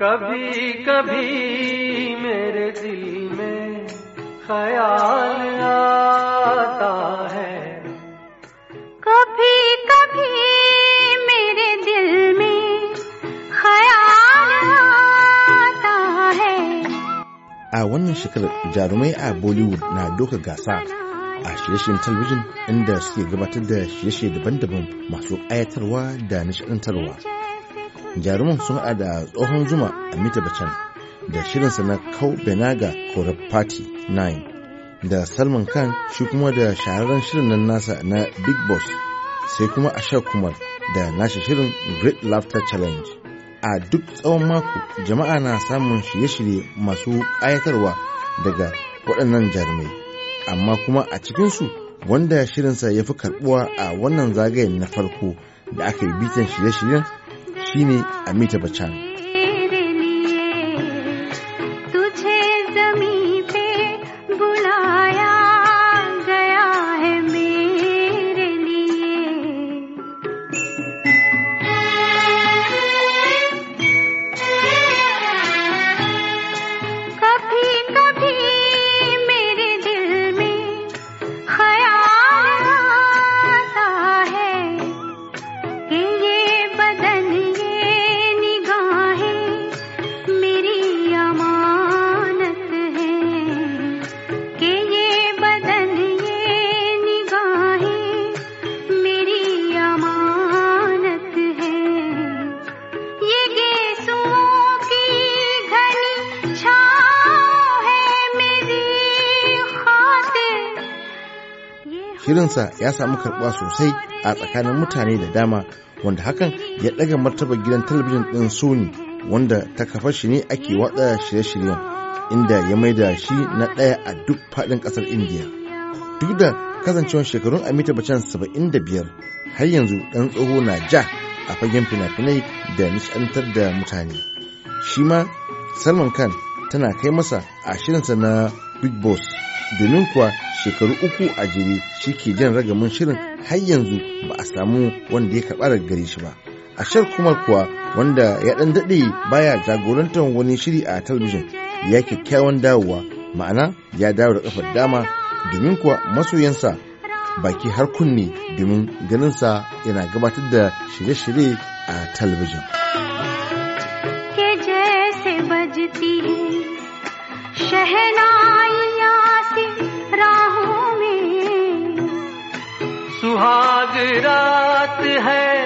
کبھی कभी मेरे दिल में ख्याल आता है کبھی कभी मेरे दिल में ख्याल आता है a شکل shekarar jarumai a bollywood na doka gasa a shirye-shiryen talabijin inda suke gabatar da shirye-shirye daban-daban masu ayatarwa da nishadantarwa. jaruman sun haɗa da tsohon zuma a mita bacan da shirinsa na kau benaga korab party 9 da salman khan shi kuma da shahararren shirin nan nasa na big boss sai kuma a kumar da nashi shirin great laughter challenge a duk tsawon mako jama'a na samun shirye-shirye masu ƙayatarwa daga waɗannan jarumai amma kuma a cikinsu wanda shirinsa ya fi karɓuwa a wannan zagayen na farko da aka yi bitan shirye-shiryen shine amita bacari shirinsa ya samu karɓuwa sosai a tsakanin mutane da dama wanda hakan ya ɗaga martabar gidan talabijin ɗin sony wanda ta kafa shi ne ake watsa shirye-shiryen inda ya maida shi na ɗaya a duk faɗin ƙasar indiya duk da kasancewar shekarun amita bacan biyar, har yanzu ɗan tsoho na ja a fagen fina-finai da nishantar da mutane shi ma salman khan tana kai masa a shirinsa na big boss domin kuwa shekaru uku a jere shi ke jan ragamin shirin har yanzu ba a samu wanda ya karɓa daga gare shi ba a shar kuma kuwa wanda ya ɗan daɗe baya jagorantar wani shiri a talabijin ya kyakkyawan dawowa ma'ana ya dawo da ƙafar dama domin kuwa masoyansa baki har kunne domin ganinsa yana gabatar da shirye-shirye a talabijin. शहना सुहाग रात है